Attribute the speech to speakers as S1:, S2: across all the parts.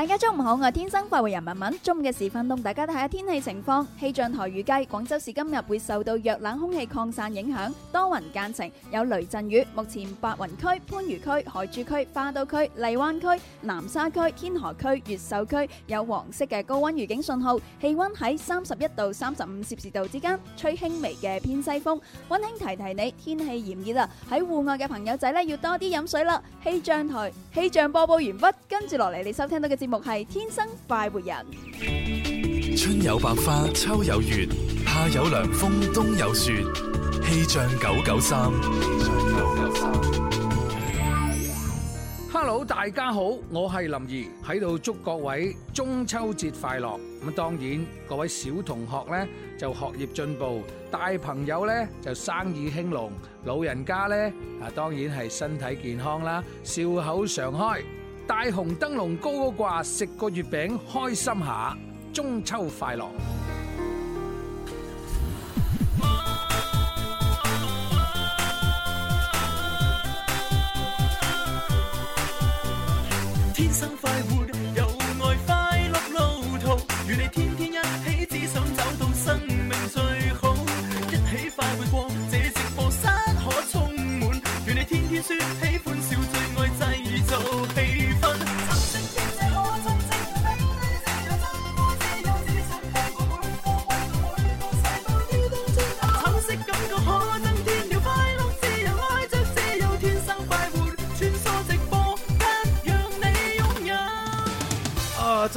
S1: 大家中午好，我係天生快活人文文，中午嘅時分，同大家睇下天氣情況。氣象台預計，廣州市今日會受到弱冷空氣擴散影響，多雲間晴，有雷陣雨。目前白雲區、番禺區、海珠區、花都區、荔灣區、南沙區、天河區、越秀區有黃色嘅高溫預警信號，氣溫喺三十一到三十五攝氏度之間，吹輕微嘅偏西風，溫馨提提你，天氣炎熱啦，喺戶外嘅朋友仔呢要多啲飲水啦。氣象台氣象播報完畢，跟住落嚟你收聽到嘅節目。目係天生快活人，
S2: 春有百花，秋有月，夏有涼風，冬有雪。氣象九九三，氣象
S3: 九九三，Hello，大家好，我係林怡，喺度祝各位中秋節快樂。咁當然，各位小同學呢就學業進步，大朋友呢就生意興隆，老人家呢啊，當然係身體健康啦，笑口常開。大
S2: 紅燈籠高高掛，食個月餅開心下，中秋快樂！天生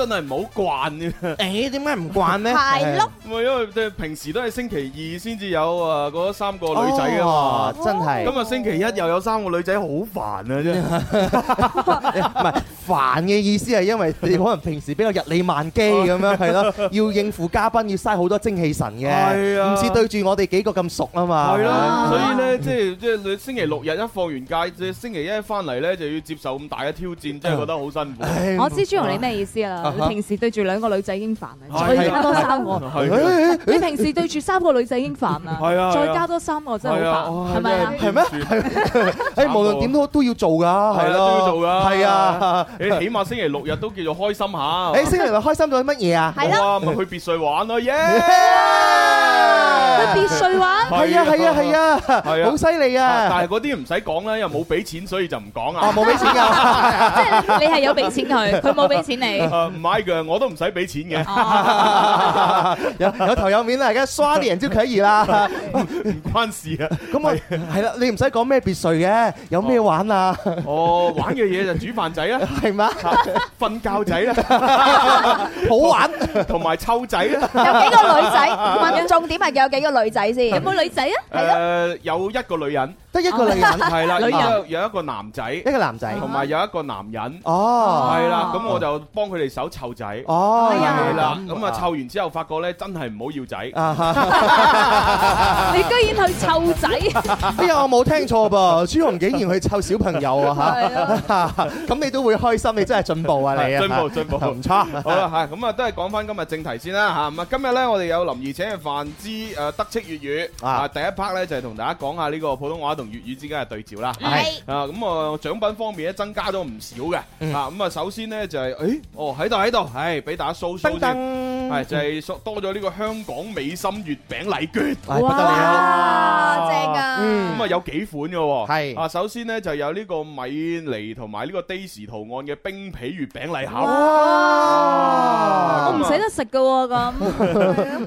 S3: 真係唔好慣嘅。誒，點解唔慣咧？係咯。唔係因為即係平時都係星期二先至有啊，嗰三個女仔嘅嘛。真係。今日星期一又有三個女仔，好煩啊
S2: 真係。唔係煩嘅意思係因為你可能平時比較日理萬機咁樣係咯，要應付嘉賓要嘥好多精氣神嘅。係啊。唔似對住我哋幾個咁熟啊嘛。係啦。所以咧，
S3: 即係即係星期六日一放完假，即係星期一翻嚟咧就要接受咁大嘅挑戰，真係覺得好辛苦。我知朱同你
S1: 咩意思啊？你平時對住兩個女仔已經煩啦，再加
S3: 多三
S1: 個。你平時對住三個女仔已經煩啦，係啊，再加多三個真係好煩，係咪啊？
S2: 係咩？誒，無論點都都要做㗎，係啦，都要做㗎，係啊。
S3: 你起碼星期六日都叫做開心下。誒，星期六開心咗乜嘢啊？係啊，咪去別墅玩咯，耶！
S2: 去別墅玩，係啊，係啊，係啊，係啊，好犀利
S3: 啊！但係嗰啲唔使講啦，又冇俾錢，所以就唔講啦。冇俾錢㗎，即係
S1: 你係有俾錢佢，佢冇俾錢你。
S3: 買嘅我都唔使俾錢嘅，
S2: 有有頭有面啦，而家耍啲人招啟儀啦，唔關事啊。咁我係啦，你唔使講咩別墅嘅，有咩玩啊？哦，玩嘅嘢就煮飯仔啦，係嘛？
S3: 瞓覺仔啦，好玩，同埋湊仔啦。有幾
S4: 個女仔？問
S1: 重點係有幾個女仔先？有冇女仔啊？
S3: 係啊，有一個女人，得
S1: 一個女人係啦，有
S3: 一個有一個男仔，一個男仔，同埋有一個男人。哦，係啦，咁我就幫佢哋手。湊仔哦，係啦，咁啊湊完之後發覺咧，真係唔好要仔。
S1: 你居然去湊仔？哎、呀沒啊，我
S2: 冇聽錯噃，朱紅竟然去湊小朋友 啊嚇！咁、 嗯嗯、你都會開心，你真係進步啊你啊！進步進步，唔、啊、差。不 好
S3: 啦，咁啊都係講翻今日正題先啦嚇。咁啊、嗯、今日咧，我哋有林怡請嘅範之誒、啊、德戚」粵語啊，第一 part 咧就係、是、同大家講下呢個普通話同粵語之間嘅對照啦。係啊，咁啊獎品方面咧增加咗唔少嘅啊，咁啊首先呢，就係誒，哦喺。就喺度，係俾大家 show show 啲，係就係多咗呢個香港美心月餅禮券，哇，正，咁啊有幾款噶，係啊首先咧就有呢個米妮同埋呢個 Dee 士圖案嘅冰皮月餅禮盒，哇，我
S1: 唔捨得食噶咁，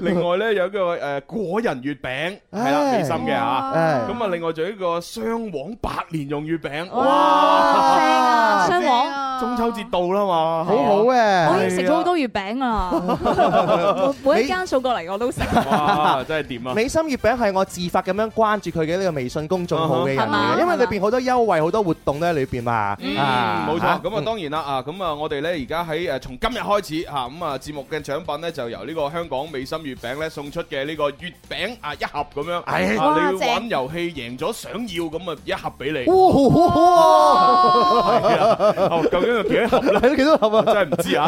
S3: 另外咧有呢個誒果仁月餅，係啦美心嘅啊，咁啊另外仲有一個雙黃白蓮蓉月餅，哇，
S1: 正
S3: 啊，雙
S1: 黃，中秋節到啦嘛，好好嘅。我已經食咗好多月餅啦，每每一間數過嚟我都食。
S3: 哇，真係點啊！美
S2: 心月餅係我自發咁樣關注佢嘅呢個微信公眾號嘅人嚟嘅，因為裏邊好多優惠好多活動咧，裏邊嘛。嗯，冇錯。
S3: 咁啊，當然啦啊，咁啊，我哋咧而家喺誒從今日開始嚇，咁啊，節目嘅獎品咧就由呢個香港美心月餅咧送出嘅呢個月餅啊一盒咁樣。唉，好正！你要玩遊戲贏咗想要咁啊一盒俾你。哇！究竟幾多盒
S2: 咧？幾多盒啊？真係唔知啊！係 啊，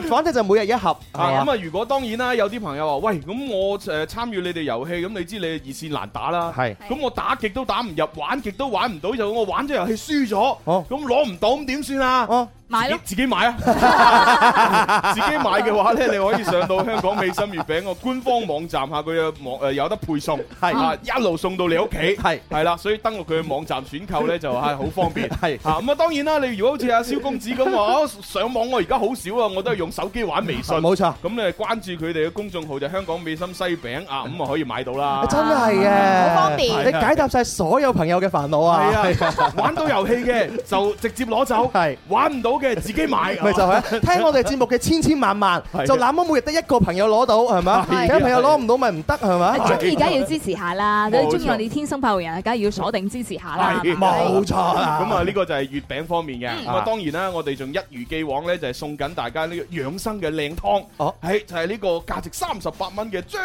S2: uh, 反正就每日一盒、， uh, 一盒。 咁
S3: 啊，如果當然啦，有啲朋友話：喂，咁我誒、呃、參與你哋遊戲，咁你知你熱線難打啦。係，咁我打極都打唔入，玩極都玩唔到，就我玩咗遊戲輸咗。咁攞唔到，咁點算啊？哦買咯，自己買啊！自己買嘅話咧，你可以上到香港美心月餅個官方網站，下佢嘅網誒有得配送，係啊，一路送到你屋企，係係啦，所以登錄佢嘅網站選購咧就係好方便，係啊，咁啊當然啦，你如果好似阿蕭公子咁，我上網我而家好少啊，我都係用手機玩微信，冇錯，咁你係關注佢哋嘅公眾號就香港美心西餅啊，咁啊可以買到啦，真係嘅，好方便，你解答
S2: 晒所有朋友嘅煩惱啊，係
S3: 啊，玩到遊戲嘅就直接攞走，係玩唔到。嘅自己買，咪就係聽我哋
S2: 節目嘅千千萬萬，就那麼每日得一個朋友攞到，係咪？其他朋友攞唔到咪唔得，係咪？鍾意梗係要
S1: 支持下啦，中意我哋天生快活人，梗係要鎖定支持下啦，冇錯
S3: 啦。咁啊，呢個就係月餅方面嘅。咁啊，當然啦，我哋仲一如既往咧，就係送緊大家呢個養生嘅靚湯。哦，係就係呢個價值三十八蚊嘅張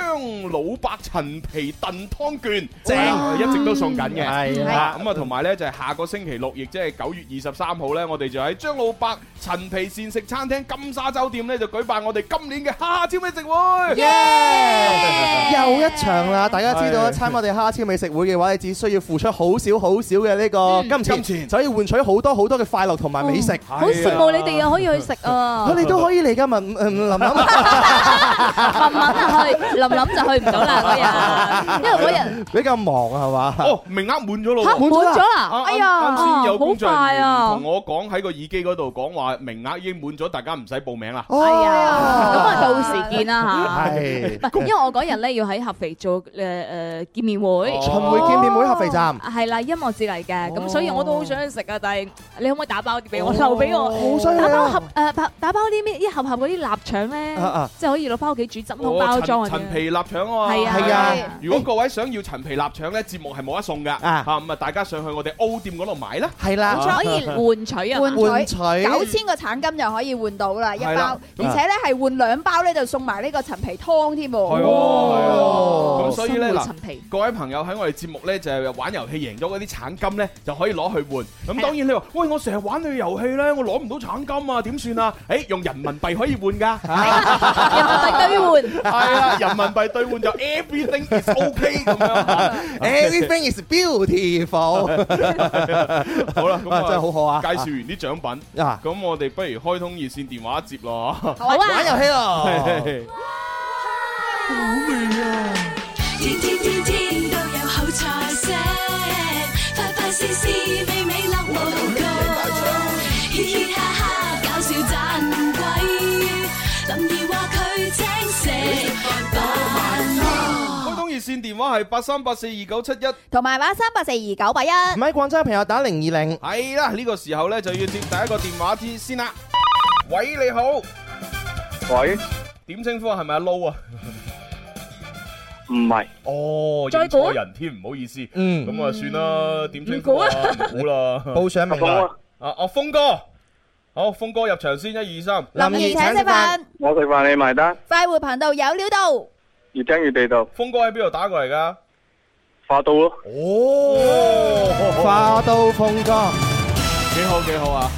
S3: 老伯陳皮燉湯券，正。一直都送緊嘅。係係。咁啊，同埋咧就係下個星期六，亦即係九月二十三號咧，我哋就喺張老百陳皮膳食餐廳金沙洲店咧，就舉辦我哋今年嘅蝦超美食會
S2: ，yeah! 又一場啦！大家知道參加我哋蝦超美食會嘅話，你只需要付出好少好少嘅呢個金錢金錢，就可以換取好多好多嘅快樂同埋美食。好、哦、羨慕你哋
S1: 又可以去食啊！我 哋、哦、都可
S2: 以嚟噶嘛？林林， 林，林啊
S1: 去，林林就去唔到啦嗰日， 因為
S2: 嗰日比較忙啊，係嘛？
S3: 哦，名額滿咗咯，嚇滿咗啦！哎呀，好快啊！剛先有公眾號同我講喺個耳機嗰度。講話名額已經滿咗，大家唔使報名啦。係啊，咁啊到
S1: 時見啦嚇。係，唔係因為我嗰日咧要喺合肥做誒誒見面會，巡迴見面會合肥站。係啦，音樂節嚟嘅，咁所以我都好想食啊！但係你可唔可以打包啲俾我，留俾我？好犀利啊！打包盒誒，打打包啲咩？一盒盒嗰啲臘腸咧，即係可以攞翻屋企煮汁，冇包裝嘅。陳皮
S3: 臘腸啊嘛，係啊！如果各位想要陳皮臘腸咧，節目係冇得送㗎啊！嚇咁啊，大家上去我哋 O 店嗰度買啦。係啦，可以換
S1: 取啊，換取。九千個橙金就可以換到啦一包，而且咧係換兩包咧就送埋呢個陳皮湯添喎。哇、哦
S3: 哦哦哦！所以咧陳皮各位朋友喺我哋節目咧就係、是、玩遊戲贏咗嗰啲橙金咧就可以攞去換。咁當然你話，喂，我成日玩你遊戲咧，我攞唔到橙金啊，點算啊？誒、欸，用人民幣可以換㗎， 人民幣兌換。係啊，人民幣兌換就 everything is ok 咁、okay. 樣
S2: ，everything is beautiful 好。好啦，真係好好啊！介
S3: 紹完啲獎品。 咁我哋不如開通熱線電話接咯，好啊，玩遊戲咯。
S5: 哦。好味啊！
S3: 線電話係八三八四二
S2: 九七一，同埋八三八四二九八一，唔喺廣州朋友打零二零。
S3: 係啦，呢個時候咧就要接第一個電話先先啦。喂，你好，喂，點稱呼是是啊？係咪阿撈啊？唔係，哦，再過人添，唔好意思，嗯，咁啊算啦，點、嗯、稱呼啦，好啦， 報上名啦，啊，阿、哦、峰哥，好，峰哥入場先，一二三，林姨請食飯，我食飯你埋單，
S1: 快活頻道有料到。
S2: 越
S3: 聽越地道。峰哥喺邊度打過嚟噶？花都咯、啊。哦，好
S1: 好
S2: 好，花都峰哥，
S3: 幾好幾好啊！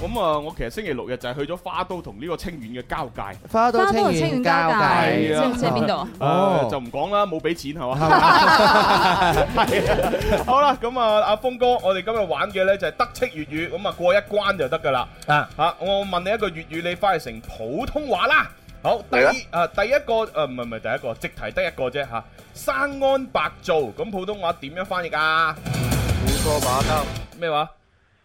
S3: 咁啊，我其實星期六日就係去咗花都同呢個清遠嘅交界。花都清遠交界，知唔知邊度啊？哦、啊啊嗯啊，就唔講啦，冇俾錢係嘛。係 是、啊、 好啦，咁啊，阿峰哥，我哋今日玩嘅咧就係德式粵語，咁啊過一關就得噶啦。啊，吓、啊，我問你一句粵語，你翻譯成普通話啦。好，第啊第一個，誒唔係唔係第一個，即題得一個啫吓，生安白做，咁普通話點樣翻譯啊？胡說八道咩話？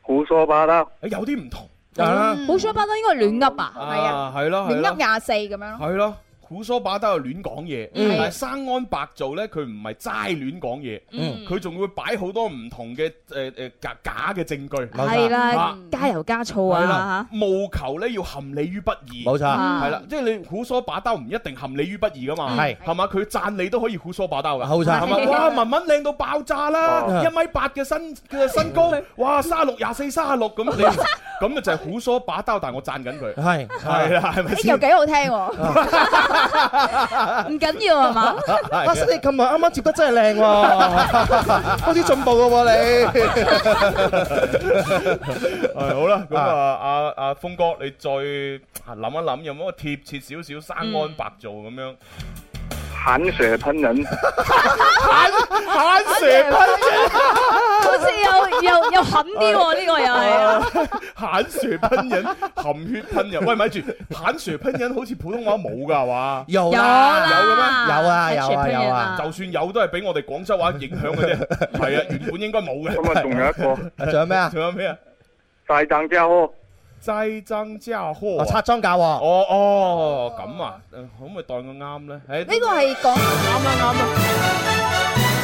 S3: 胡說八道誒，有啲唔同
S1: 啊，胡說八道應該係亂噏啊，係啊係咯，
S3: 亂噏廿四咁樣咯，係咯。胡說八道又亂講嘢、嗯，但係生安白做咧，佢唔係齋亂講嘢，佢、嗯、仲會擺好多唔同嘅誒誒假假嘅證據，係啦，
S1: 加油加醋啊，
S3: 務求咧要陷你於不義，冇錯，係、嗯、啦，即係、就是、你胡說八道唔一定陷你於不義噶嘛，係係嘛，佢讚你都可以胡說八道噶，冇錯，係嘛，哇文文靚到爆炸啦、哦，一米八嘅身嘅身高，哇三六廿四三啊六咁，咁啊 就係胡說八道，但係我讚緊佢，係係啦，係咪先？又幾好聽喎、啊！
S2: 唔緊 要係嘛，阿 Sir,、啊 S, 啊、你琴日啱啱接得真係靚喎，開始進步嘅喎你。好啦，咁
S3: 啊，阿阿峰哥，啊、你再諗一諗，有冇個貼切少少生安白做咁、嗯、樣？
S2: 坦蛇噴人，
S4: 噴
S1: 蛇噴人，噴人 好似又又又狠啲喎，呢個又係啊！噴、
S3: 這個、 蛇噴人，含血噴人，喂，咪住，坦蛇噴人好似普通話冇噶係嘛？有有？有嘅咩？有啊，有啊，有啊，有啊 就算有都係俾我哋廣州話影響嘅啫，係 啊，原本應該冇嘅。咁啊，仲有一個，仲有咩啊？仲有咩啊？快凳蕉。擠增加貨，拆莊價貨。哦哦，咁、哦哦、啊，哦、可唔可以當個啱咧？呢、欸這個係講啱啦，啱、哦、啦，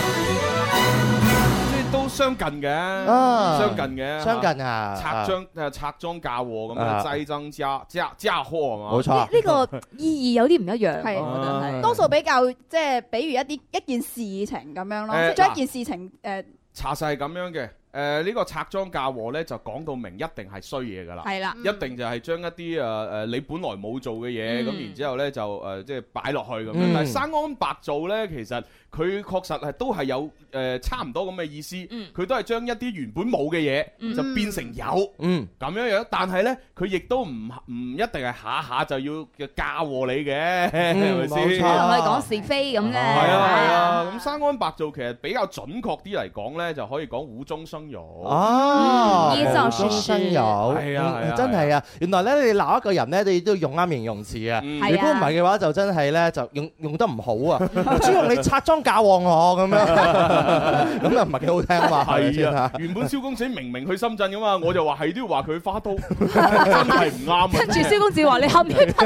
S3: 即係都相近嘅、啊，相近嘅、啊，相近啊！拆莊誒，拆莊價貨咁啊，擠、啊、增加加加貨係嘛？冇錯。呢
S1: 個意義有啲唔一樣，係、 啊啊，多數比較即係、就是，比如一啲一件事情咁樣咯，即、欸、將一件事情誒。
S3: 查實係咁樣嘅。誒、呃，呢、這個拆裝嫁禍呢，就講到明，一定係衰嘢噶啦，啦、嗯，一定就係將一啲誒誒，你本來冇做嘅嘢，咁、嗯、然後之後呢就誒，即係擺落去咁樣。嗯、但係生安白做呢，其實佢確實係都係有誒、呃，差唔多咁嘅意思，佢、嗯、都係將一啲原本冇嘅嘢就變成有，咁、嗯、樣樣。但係呢，佢亦都唔唔一定係下下就要嫁禍你嘅，係咪先？冇錯，可以講
S1: 是非咁嘅。係啊係啊，咁、啊啊啊
S3: 啊啊啊啊、生安白做其實比較準確啲嚟講呢，就可以講烏中生哦，呢座係啊，真
S2: 係啊，啊，啊，啊，啊！原來咧，你鬧一個人咧，你都要用啱形容詞啊，啊。如果唔係嘅話，就真係咧，就用用得唔好啊。主 要你拆裝嫁禍我咁樣，咁又唔係幾好聽嘛？係啊，啊，原本蕭公子明明去深圳噶嘛，我就話係都要
S3: 話佢花都，
S2: 真係唔啱。跟住
S3: 蕭公子話你冚唔潑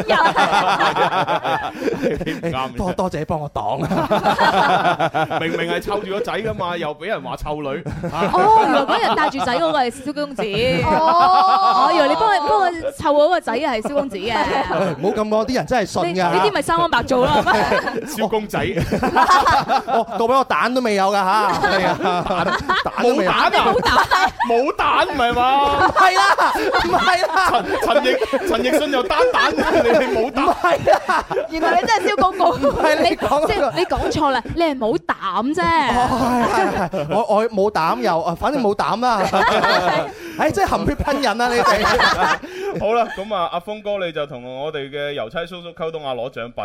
S3: 油，你唔啱。多多謝你幫我擋啊！ 明明係湊住個仔噶嘛，又俾人話湊女。 原來嗰日帶住仔嗰個
S1: 係蕭公子，哦，我以為你幫佢幫佢湊嗰個仔係蕭公子嘅，
S3: 唔
S2: 好咁講，啲人真係信㗎。呢啲咪生安白做啦，蕭公仔，哦，倒俾我蛋都未有㗎嚇，係啊，蛋都未有，冇蛋，冇蛋，唔係嘛？係啦，
S3: 唔係。陳陳奕陳奕迅又單蛋，你你冇蛋。係啊，
S2: 原來你真係蕭公
S1: 子，你講即係你講錯啦，你係冇膽啫。係係係，
S2: 我我冇膽又啊，反。都冇膽啊？ 哎，真係含血噴人啊！你哋
S3: 好啦，咁啊，阿峰哥你就同我哋嘅郵差叔叔溝通下攞獎品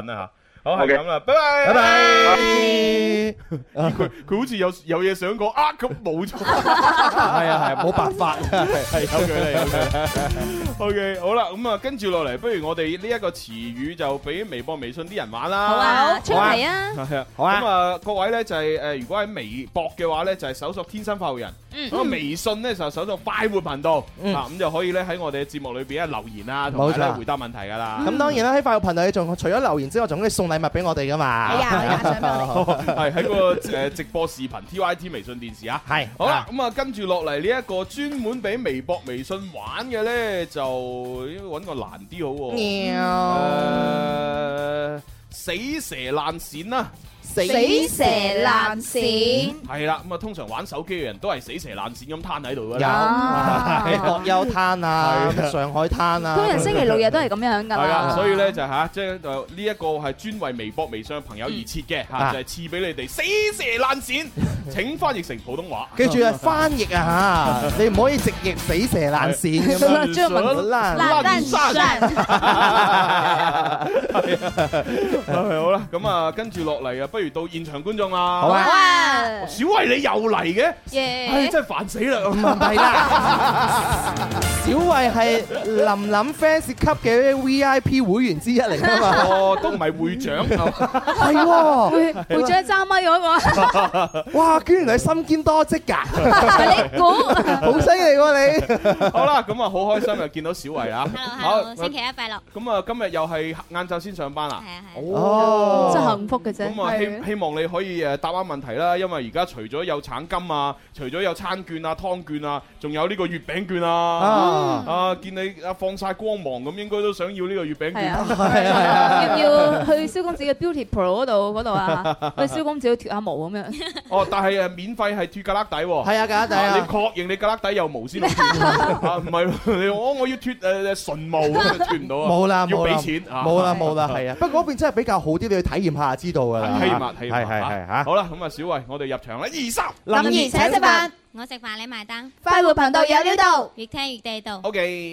S3: ，okay. bye bye bye bye bye 哎、啊！好係咁啦，拜拜！拜佢佢好似有有嘢想講啊，咁冇錯，係啊係啊，冇辦法，係有距離，有，有 OK，好啦，咁啊，跟住落嚟，不如我哋呢一個詞語就俾微博、微信啲人玩啦。好啊，出啊，啊，好啊。咁 好啊， 啊，各位咧就係、是、如果喺微博嘅話咧，就係、是、搜索天生快活人。嗯那個、微信咧就搜到快活頻道，嗯、啊咁就可以咧喺我哋嘅節目裏邊啊留言啦、啊，同埋咧回答問題噶啦。咁、嗯、當
S2: 然啦，喺快活頻道，你仲除咗留言之外，仲可以送禮物俾我哋噶嘛。係、哎、
S3: 啊，係、哎、喺 個誒直播視頻 T Y T 微信電視啊。係、嗯。好啦，咁啊跟住落嚟呢一個專門俾微博、微信玩嘅咧，就應該揾個難啲好、啊。喵。呃、死蛇爛鱔啊！死蛇爛
S1: 鱔
S3: 係啦，咁啊，通常玩手機嘅人都係死蛇爛鱔咁攤喺度㗎啦，喺國
S2: 優攤啊，上海攤啊，通常
S1: 星期六日都係咁樣㗎嘛。係啊，
S3: 所以咧就嚇，即係呢一個係專為微博、微信朋友而設嘅嚇，就係賜俾你哋死
S1: 蛇爛鱔。
S3: 請翻譯成普通話，記住啊，
S2: 翻譯啊嚇，你唔可以直譯死蛇爛鱔咁樣，將個
S3: 文法拉翻生。好啦，咁啊，跟住落嚟啊，不如。到現場觀眾啦，好啊！
S2: 小慧你又嚟嘅，耶！真係煩死啦，唔係啦。小慧係林林 fans 級嘅 VIP 會員之一嚟㗎嘛，哦，
S3: 都唔係會長，
S2: 係喎，會
S1: 會長揸咪㗎嘛，
S2: 哇！居然你身兼多職
S1: 㗎，你
S3: 估好犀
S1: 利喎！
S2: 你
S3: 好啦，咁啊，好開心又見到小慧啊，好，星期一快樂。咁啊，今日又係晏晝先上班啊，係啊係，哦，真係幸
S1: 福嘅啫。
S3: 希望你可以誒答返問題啦，因為而家除咗有橙金啊，除咗有餐券啊、湯券啊，仲有呢個月餅券啊！啊，啊見你啊放晒光芒咁，應該都想要呢個月餅券。係啊，係啊，啊啊要唔要去
S1: 蕭公子嘅 Beauty Pro 嗰度度啊？去、啊、蕭公子去脱下毛咁樣。
S3: 哦、啊啊，但係誒，免費係脱格旯底。係啊，格旯底啊，啊，啊，啊！你確認你格旯底有毛先脱啊？唔係，我我要脱誒純毛啊，脱唔到啊！冇啦，要俾錢啊，冇啦，冇啦，冇啦，係啊！
S2: 不過嗰邊真係比較好啲，你去體驗下知道㗎。係、啊。係係係
S3: 嚇！好啦，咁啊，小慧，我哋入場啦，二十，林怡請食飯，
S1: 我食飯你埋單，快活頻道有料到，越聽越地道。
S3: O K。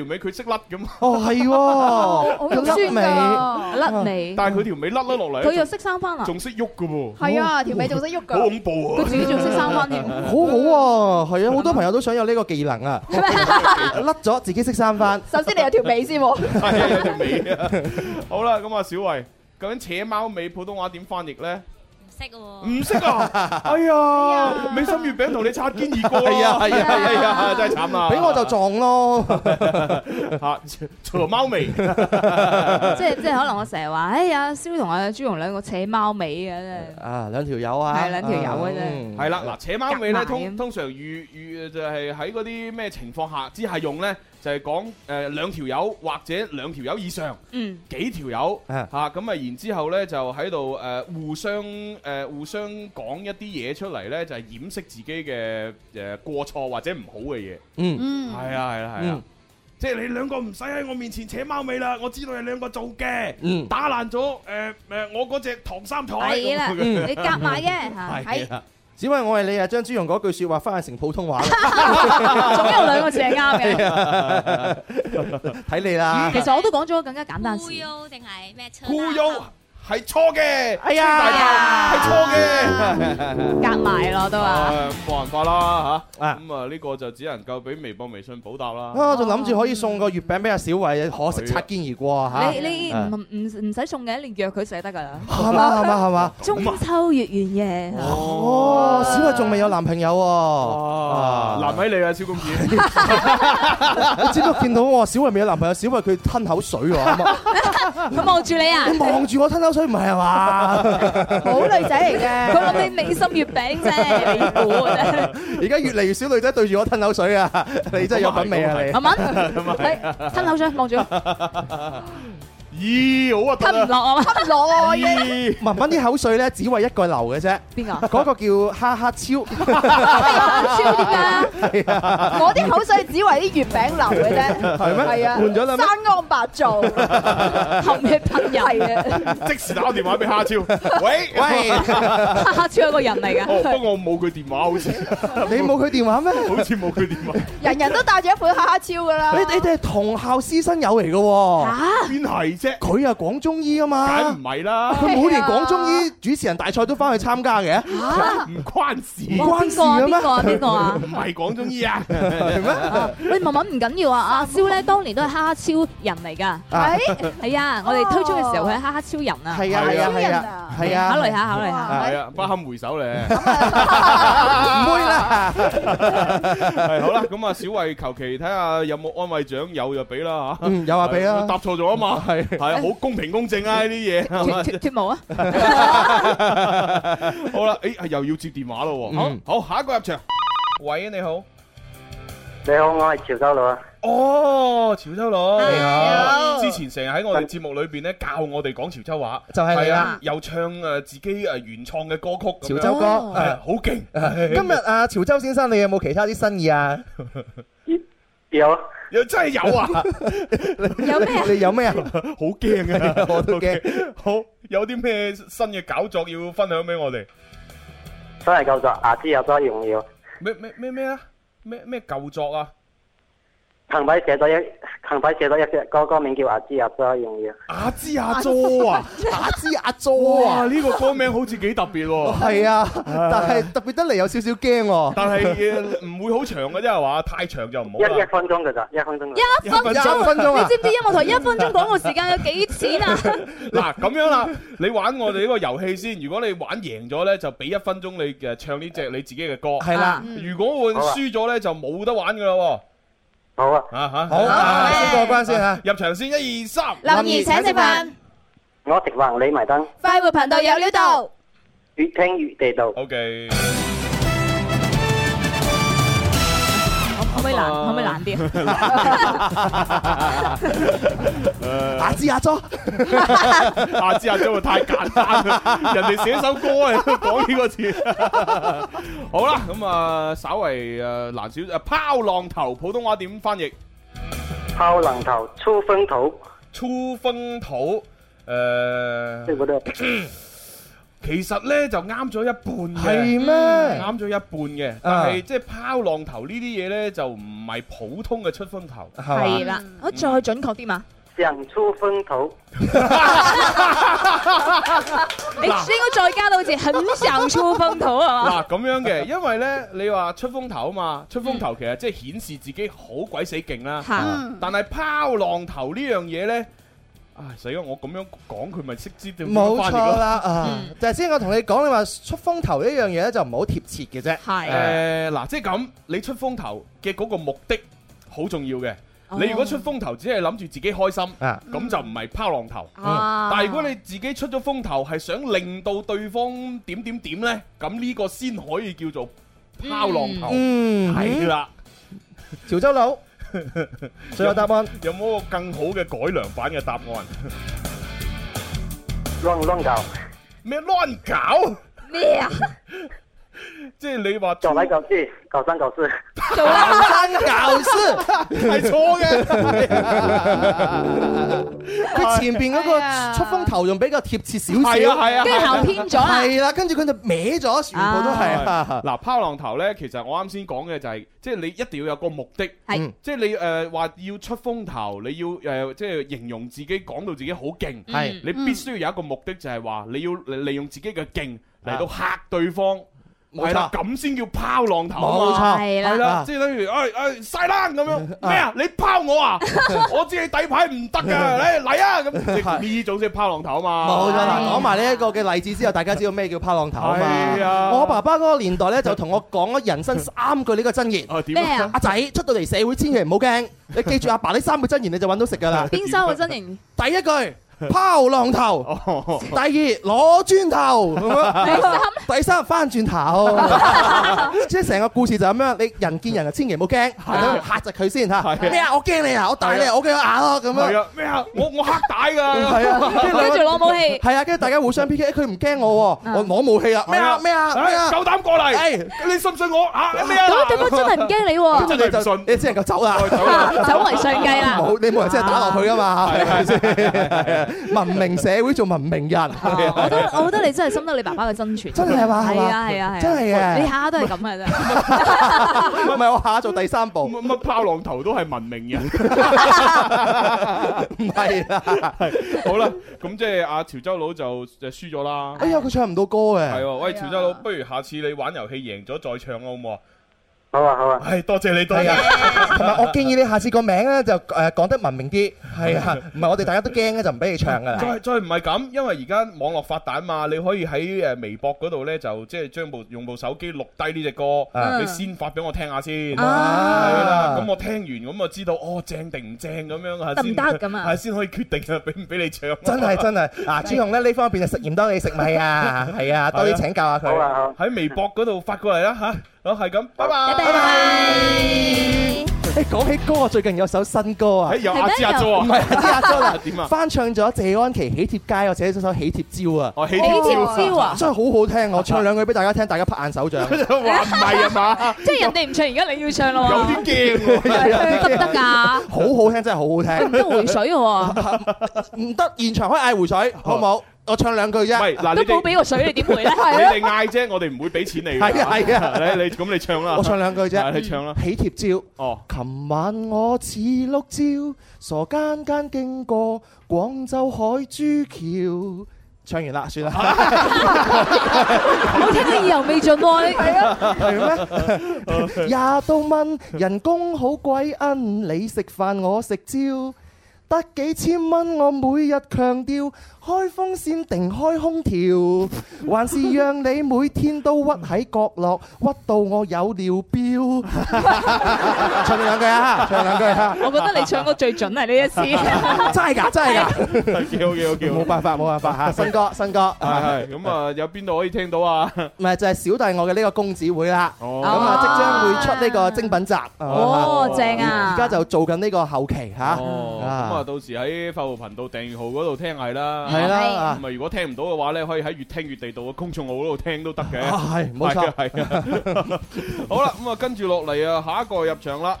S3: 條尾佢識甩咁，哦，係喎，好酸噶，甩尾，但係佢條尾甩咗落嚟，佢又識生翻啦，仲識
S2: 喐噶喎，
S3: 係啊條尾仲識喐噶，好恐怖啊，佢自己仲識生翻
S2: 添，好好啊，係啊，好多朋友都想有呢個技能啊，甩咗自己識生翻，
S1: 首先你有條尾先喎，
S3: 係啊有條尾啊，好啦，咁啊小維究竟扯貓尾普通話點翻譯咧？唔識啊！哎呀，美 心月餅同你擦肩而過咯！係啊，係啊， 係啊，呀 真係慘啊！俾我就撞咯，啊，扯貓尾！ 即係即係，可
S1: 能我成日話，哎呀，蕭同阿朱融兩個扯貓尾啊，真係
S2: 啊，兩條友
S1: 啊，兩條友啊真係。係、嗯、啦，嗱，
S3: 扯貓尾咧，通通常遇遇就係喺嗰啲咩情況下之下用咧。就係、是、講誒、呃、兩條友或者兩條友以上，嗯、幾條友嚇咁啊！然之後咧就喺度誒互相誒、呃、互相講一啲嘢出嚟咧，就係、是、掩飾自己嘅誒、呃、過錯或者唔好嘅嘢。嗯，係啊，係啊，係啊！啊嗯、即係你兩個唔使喺我面前扯貓尾啦，我知道你兩個做嘅、嗯，打爛咗誒誒我嗰隻唐三彩。係啦、嗯，你夾埋嘅
S1: 嚇。啊。
S2: 只係我係你啊，將朱鎔嗰句説話翻譯成普通話，總 有兩個字係啱嘅，睇你啦。其
S1: 實我都講咗更加簡單事、呃。忽悠定係咩？忽、呃、悠。呃呃呃呃呃呃係錯嘅，超、哎、大
S2: 係錯嘅，夾
S1: 埋咯都話啊，
S2: 冇辦法
S3: 啦吓，咁啊呢、啊啊嗯啊這個就只能夠俾微博、微信補答啦。啊，仲諗住可以
S2: 送個月餅俾阿小慧，可惜擦肩而過吓、啊。你你唔
S1: 唔唔使送嘅，你約佢就得噶啦。係嘛係嘛係嘛， 中秋月圓夜。哦、
S2: 啊啊啊，小慧仲未有男朋友喎、啊，難、啊、喺、啊、你啊，小公主，我 知我見到我小慧未有男朋友，小慧佢吞口水喎、啊。佢望住你啊？你望住我吞口水。口水唔係啊嘛，好
S1: 女仔嚟嘅，佢話啲美心月餅啫，
S2: 而家 越嚟越少女仔對住我吞口水啊！你真係有品味啊！嗯嗯、你啱啱，你
S1: 吞口水望住。 咦、欸，好核突啊！吞唔落啊，吞唔落啊！
S2: 聞聞啲口水咧，只為一個流嘅啫。邊個、啊？嗰、那個叫 哈哈超。
S1: 超 啊！我啲口水只為啲月餅流嘅啫。係咩？係啊。換咗啦咩？山安白做同
S3: 嘅朋友。 即時打個電話俾哈
S2: 超。喂 喂，哈哈超係一個人嚟噶。不過我冇佢電話好似。 你冇佢電話咩？好似冇佢電話。
S1: 人人都帶住一本哈哈超噶啦。你你哋係同校
S2: 師生友嚟噶。吓，邊係啫？佢又廣中醫啊嘛，梗唔係啦。佢每年廣中醫主持人大賽都翻去參加嘅，唔
S1: 關事。關事嘅
S3: 咩？邊個啊？邊個啊？唔係廣中醫啊？係咩？
S1: 你問問唔緊要啊！阿蕭咧，當年都係哈哈超人嚟㗎。係係啊！我哋推出嘅時候佢係哈哈超人啊。係啊係啊係啊！考慮下考慮下。係啊，
S3: 不堪回首咧。唔會啦。係好啦，咁啊，小慧求其睇下有冇安慰獎，有就俾啦嚇。有啊，俾啊。答錯咗啊嘛，係。係好公平公正啊！呢啲嘢脫脫脫毛啊！ 好啦，誒、欸、又要接電話咯、嗯。好，好，下一個入場。喂，你好。你好，我係潮州佬。哦，潮州佬，你好。之前成日喺我哋節目裏邊咧教我哋講潮州話，就係、是、啦、啊。又唱誒自己誒原創嘅歌曲，潮州歌好勁。今日
S2: 阿潮州先生，你有冇其他啲新意啊？
S3: 有。又真係有啊！
S2: 有咩？ 你有咩？好驚啊！我都驚。Okay.
S3: 好，有啲咩新嘅搞作要分享畀我哋？都係舊作，阿之有多榮要？咩咩咩咩啊？咩咩舊作啊？近排寫咗一，近
S2: 排寫咗一隻歌，歌名叫阿芝啊，最緊要。阿芝阿佐」啊，阿芝阿佐」啊，呢、啊啊啊這個歌
S3: 名好似幾特別喎、啊。係、哦、啊，啊，
S2: 但係特別得嚟有少少驚喎。但係
S3: 唔會好長嘅啫係嘛，太長就唔好啦、啊。一分鐘㗎咋，一分鐘。一分鐘。一分鐘、啊、你知唔知音樂台一分鐘廣告時
S1: 間有幾錢啊？
S3: 嗱、 啊，咁樣啦，你玩我哋呢個遊戲先。如果你玩贏咗咧，就俾一分鐘你誒唱呢隻你自己嘅歌。係啦、嗯、啦。如果我輸咗咧，就冇得玩㗎啦喎。好啊，吓吓，好啊，唔該，入場先，一二
S1: 三，林怡請食飯，
S3: 我直橫你埋單，
S1: 快活頻道有料到，
S3: 越聽越地道，OK。
S1: 可唔可以難？Uh, 可唔可以
S4: 難
S2: 啲啊？難 試、 uh, 下咗，
S3: 難 試下咗，太簡單。 人哋寫首歌啊， 講呢個字。 好啦，咁啊，稍微誒難少少。拋浪頭，普通話點翻譯？拋浪頭，出風頭、出風頭。誒、呃。即係嗰其實咧就啱咗一半，係咩？啱、嗯、咗一半嘅，但係、uh -huh. 即係拋浪頭呢啲嘢咧就唔係普通嘅出風頭，係、uh、啦
S1: -huh. 我再準確啲嘛？
S3: 成出， 出， 出風頭，
S1: 你需要再加到好似「很想出風頭啊！嗱
S3: 咁樣嘅，因為咧你話出風頭啊嘛，出風頭其實即係顯示自己好鬼死勁啦。Uh -huh. 但係拋浪頭呢樣嘢咧。使我咁樣講佢咪識知點樣關聯咯？冇錯啦啊！
S2: 頭、嗯、先我同你講，你話出風頭呢樣嘢咧就唔好貼切嘅啫。係誒嗱，
S3: 即係咁，你出風頭嘅嗰個目的好重要嘅。哦、你如果出風頭只係諗住自己開心，咁、啊、就唔係拋浪頭。嗯嗯，但係如果你自己出咗風頭，係想令到對方點點點咧，咁呢個先可以叫做拋浪頭。嗯，係啦，
S2: 潮州佬。最後答案
S3: 有冇個更好嘅改良版嘅答案？亂亂搞咩？亂搞咩啊？即係你話搞嚟
S2: 搞去，搞三搞四，搞三搞四係錯嘅。佢 前邊嗰個出風頭仲比較貼切少少，係啊係啊，啊，啊，啊，啊，啊，跟住行偏咗啊，係啦，跟住佢就歪咗，啊，全部都係。
S3: 嗱拋、啊、浪頭咧，其實我啱先講嘅就係、是、即、就、係、是、你一定要有個目的，係，即、就、係、是、你誒話、呃、要出風頭，你要誒即係形容自己講到自己好勁，係，你必須要有一個目的就，就係話你要利用自己嘅勁嚟到吓對方。冇錯，咁先叫拋浪頭。冇錯，係啦，即係等於誒誒，晒啦咁樣咩啊？你拋我啊！我知你底牌唔得噶，你嚟啊！咁呢
S2: 種先拋浪頭啊！嘛，冇錯。嗱，講埋呢一個嘅例子之後，大家知道咩叫拋浪頭啊？我爸爸嗰個年代咧，就同我講咗人生三句呢個真言。咩啊？阿仔出到嚟社會，千祈唔好驚。你記住阿爸呢三個真言，你就搵到食噶啦。邊三個
S1: 真言？第一句。
S2: 拋浪頭，第二攞磚頭，第三翻轉頭，即係成個故事就咁樣。你人見人啊，千祈唔好驚，吓窒佢先吓。咩啊？我驚你啊！我打你啊！我夾眼咯咁樣。咩啊？我我黑帶噶。跟住攞武器。係啊，跟住大家互相 PK，佢唔驚我，我攞武器啊！咩啊？咩啊？咩啊？夠膽過嚟！
S3: 你信唔信我啊？咩啊？咁啊，對方真係唔驚
S1: 你喎。即係你就信，
S2: 你只能夠走啦、
S1: 啊，走為上計啦、啊。唔、啊、
S2: 你冇人真係打落去噶嘛？係、啊、咪文明社會做文明人，我都我
S1: 覺得你真係深得你爸爸嘅真傳，真係嘛？係啊係啊係，真係嘅，你下下都係咁
S3: 嘅啫。唔係我下下做第三步，乜拋浪頭都係文明人，
S2: 唔係啦。係
S3: 好啦，咁即係阿潮州佬就就輸咗啦。
S2: 哎呀，佢唱唔到歌嘅，係
S3: 喎。喂，潮州佬，不如下次你玩遊戲贏咗再唱好唔好啊？好啊好啊，
S2: 係、啊哎、多謝你多謝你，同埋、啊、 我建議你下次個名咧就誒講、呃、得文明啲，係啊，唔係、啊、我哋大家都驚咧 就唔俾你唱噶啦。
S3: 再再唔係咁，因為而家網絡發達啊嘛，你可以喺誒、呃、微博嗰度咧就即係將部用部手機錄低呢隻歌、啊，你先發俾我聽下先，係、啊、啦。咁、啊啊啊、我聽完咁啊知道哦正定唔正咁樣啊，得唔得咁啊，係先可以決定啊，俾唔俾你唱。真係真係，啊朱紅
S2: 咧呢方面就食鹽多你食米啊，係 啊，多啲請教下佢。喺、啊啊、微博嗰度發過嚟啦吓。啊
S3: 好係咁，拜拜，
S2: 拜拜。講起歌啊，最近有首新歌啊，有阿杰做，唔係阿杰阿周啦，點啊？翻唱咗謝安琪《喜帖街》，我寫咗首《喜帖招》啊。喜帖招，啊，真係好好聽。我唱兩句俾大家聽，大家拍眼手掌。
S1: 話唔係啊嘛，即係人哋唔唱，而家你要唱啦嘛。有啲驚，
S2: 得唔得噶？好好聽，真係好好聽。
S3: 得回水
S1: 喎，
S2: 唔得現場可以嗌回水，好唔好？我唱兩句啫，
S1: 都冇俾個水你點攰咧？你
S3: 嗌啫，我哋唔會俾錢你。係啊係啊，你 啊啊 你咁你唱啦。我唱
S2: 兩句啫，嗯，你唱啦。喜帖招，琴晚我似碌蕉，傻更更經過廣州海珠橋。唱完啦，算啦。
S4: 我聽你意猶未盡喎，你 係啊？係咩？
S2: 廿度蚊人工好鬼恩，你食飯我食蕉，得幾千蚊我每日強調。開風扇定開空調，還是讓你每天都屈喺角落，屈到我有尿標。
S1: 唱兩句啊！唱兩句啊！我覺得你唱過最準係呢一
S3: 次！ 真係噶，真係
S2: 噶。叫叫叫！冇辦法，冇辦法吓。新歌，新歌，係係咁啊！有邊度可以聽到啊？唔 係就係小弟我嘅呢個公子會啦。哦。咁啊，即將會出呢個精品集。Oh. 哦，正啊！而家就做緊呢個後期吓。
S3: 咁啊、oh. 嗯，到時喺服務頻道訂閱號嗰度聽係啦。係、啊、啦，咁啊！如果聽唔到嘅話咧，可以喺越聽越地道嘅公眾號嗰度聽都得嘅。係、啊，冇錯，係。 好啦，咁、嗯、啊，跟住落嚟啊，下一個入場啦。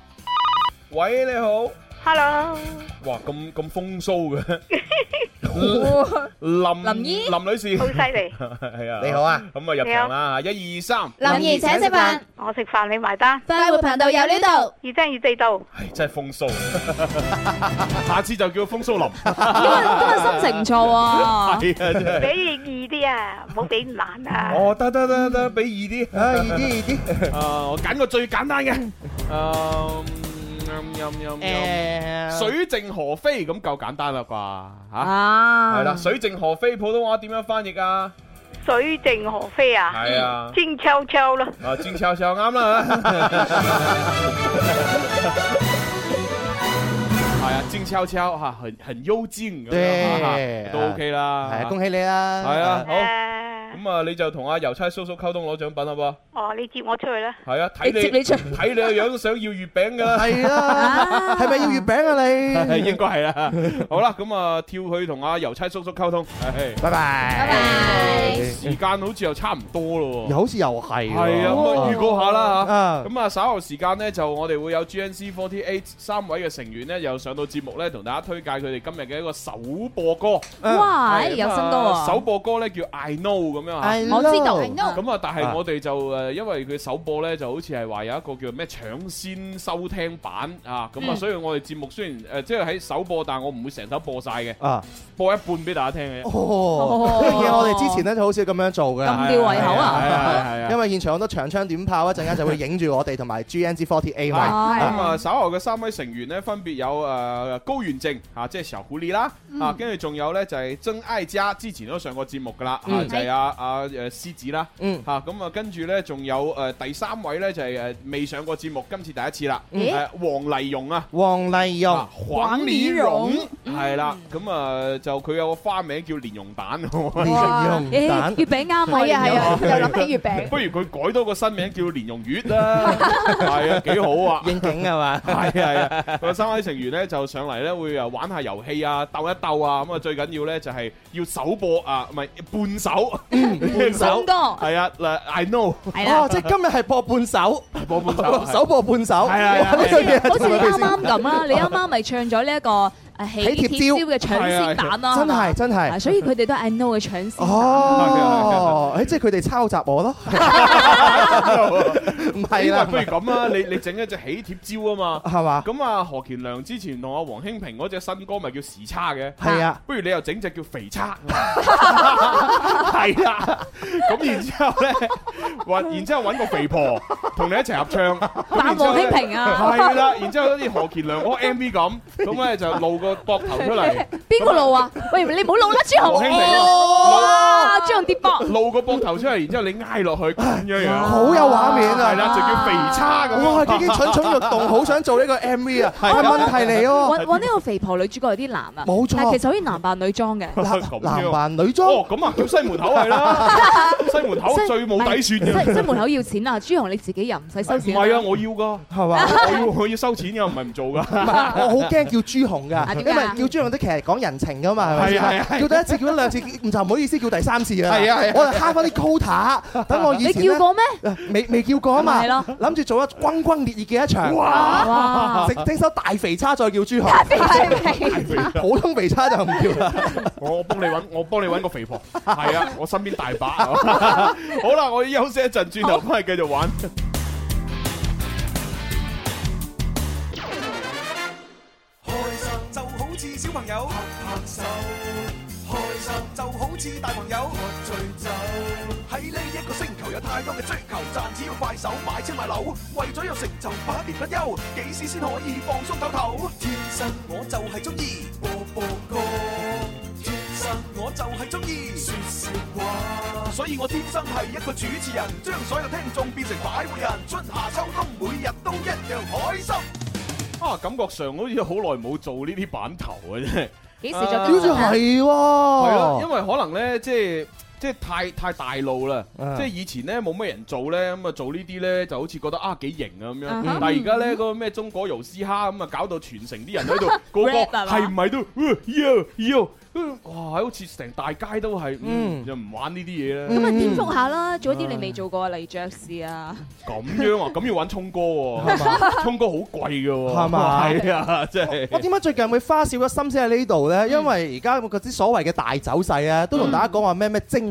S3: 喂，你好。
S1: Hello。
S3: 哇，咁咁風騷嘅。 林林姨林女士，好犀利係啊！你好啊，咁啊入場啦，一二三，林姨請食飯，
S1: 我食飯你埋單，佳慧頻道有呢度，二聲二四度，
S3: 係真係風騷，下次就叫風騷林，
S1: 因為真係心情唔錯，
S3: 俾
S1: 二啲啊，唔好俾難啊，
S3: 哦得得得得，俾二啲，啊二啲二啲，我揀個最簡單嘅，啊。.嗯嗯嗯嗯、水靜河飛咁夠簡單啦啩，吓，係啦，水靜河飛普通話點樣翻譯啊？水靜河飛啊？係啊，靜悄悄啦。啊，靜悄悄啱啦。 對了 靜悄悄吓，很很幽靜咁樣，啊啊、都 OK 啦。係，啊啊、恭喜你啦！係啊，啊 uh，好咁啊，你就同阿郵差叔叔溝通攞獎品啦噃。哦，
S1: 你接我出去啦！
S3: 係啊，睇你、欸、接你出，睇你個樣都想要月餅噶。係 是啊，
S2: 係 咪要月餅啊你？ 應
S3: 該係啦。好啦，咁啊跳去同阿郵差， 差叔叔溝通。拜、啊、拜，拜拜。時間好似又差唔多咯，又好似又係。係啊，我預告下啦吓。咁、哦、啊，稍後時間咧就我哋會有 G N Z Forty Eight 三位嘅成員咧又上到。節目咧同大家推介佢哋今日嘅一個首播歌，哇！欸嗯、有新歌、啊、首播歌咧叫 I Know 咁樣，I、我知道 I Know 咁啊，但係我哋就因為佢首播咧就好似係話有一個叫咩搶先收聽版啊，咁、嗯、啊，所以我哋節目雖然、呃、即係喺首播，但我唔會成首播晒嘅，啊，播一半俾大家聽嘅。哦，哦 我哋之前
S2: 咧就好少咁樣做嘅，咁吊胃口啊！啊、哎，哎哎哎、 因為現場好多長槍短炮，一陣間就會影住我哋同埋 GNZ48。咁 啊、哎哎嗯，
S3: 稍後嘅三位成員咧分別有、呃高元正嚇，即係小古利啦嚇，跟住仲有咧就係曾艾佳，之前都上過節目噶啦嚇、嗯，就係阿阿誒獅子啦嚇，咁、嗯、啊跟住咧仲有誒、呃、第三位咧就係誒未上過節目，今次第一次啦誒、嗯呃，黃麗蓉啊，黃麗蓉，黃麗蓉係啦，咁啊就佢有個花名叫蓮蓉蛋，蓮蓉蛋，月
S1: 餅啱位啊，係啊，又 諗起月餅，
S3: 不如佢改多個新名叫蓮蓉月啦，係啊，幾 好啊，應景係嘛？係啊，個三位成員咧就。上嚟咧，會又玩下遊戲啊，鬥一鬥啊，咁啊最緊要咧就係要首播啊，唔係半首，
S1: 半首歌
S2: 係啊，嗱 I know 係啦，即係今日係播半首，播半
S1: 首，首播半首係啊，好似你啱啱咁，啊你啱啱咪唱咗呢一個。喜帖招嘅搶先版咯，真係真係，所以佢哋都係 know 嘅搶先哦。
S2: 哎，即係佢哋抄襲我咯，唔係啦，不如咁啊，你你
S3: 整一隻喜帖招啊嘛，係嘛？咁啊，何健良之前同阿黃興平嗰隻新歌咪叫時差嘅，係啊，不如你又整隻叫肥差，係啦。咁然之後咧，揾然之後揾個肥婆同你一齊合唱，扮黃興平啊，係啦。然之後好似何健良嗰個 MV 咁，咁咧就路個。個
S1: 膊頭出嚟，邊個露啊？喂，你唔好露啦，朱紅。哇，朱紅跌
S3: 膊，露個膊頭出嚟，然之後你挨落去，咁樣樣，好有畫面啊！係啦，就叫肥叉咁。哇，幾驚蠢蠢欲動，好想做呢個 MV 啊！係問題嚟哦，搵搵呢
S1: 個肥婆女主角有啲難啊。冇錯，但係其實可以男扮女裝嘅。男男扮女裝哦，咁啊，叫西門
S3: 口係啦，西門口最冇底線嘅。西西門
S1: 口要錢啊，朱紅你自己又唔使收錢。係啊，我
S3: 要噶，係嘛？我要我要收錢又，唔係唔做噶。我好驚叫
S1: 朱紅噶。
S3: 因
S2: 為叫朱亮的其實講人情噶嘛，係咪啊？叫第一次，叫咗兩次，唔就唔好意思叫第三次啊！係啊，我就慳翻啲 quota，等我以前你叫過咩？未未叫過啊嘛，諗住做一轟轟烈烈嘅一場。哇！整首大肥叉再叫朱大浩，普通肥叉就唔叫
S3: 啦。我幫你搵，我幫你搵個肥婆。係啊，我身邊大把。好啦，我要休息一陣，轉頭翻去繼續玩。
S2: 朋友拍拍手，開心就好似大朋友。喝醉酒，喺呢一個星球有太多嘅追求，賺錢要快手，買車買樓，為咗有成就百，百年不休。幾時先可以放鬆唞頭？天生我就係中意播播歌，天生我就係中意說說話。
S3: 所以我天生係一個主持人，將所有聽眾變成快活人，春夏秋冬，每日都一樣開心。啊！感覺上好似好耐冇做呢啲版頭嘅啫，幾、啊、時就？好似係喎，係咯、啊啊啊，因為可能咧，即係。即係太太大路啦！Uh -huh. 即係以前咧冇咩人做咧，咁、嗯、啊做呢啲咧就好似覺得啊幾型啊咁樣。Uh -huh. 但係而家咧嗰個咩中國有嘻哈咁啊，搞到全城啲人喺度 個個係唔係都， 哇！好似成大街都係，又、嗯、唔、嗯、玩呢啲嘢咧。咁、嗯、啊，顛覆下啦，
S1: 做一啲你未做過例嚟爵士啊。
S3: 咁樣啊，咁要玩衝哥，
S1: 衝哥
S2: 好
S3: 貴嘅喎，係咪啊？真 係、啊啊。 我點
S2: 解最近會花少咗心思喺呢度咧、嗯？因為而家個啲所謂嘅大走勢啊，都同大家講話咩咩精。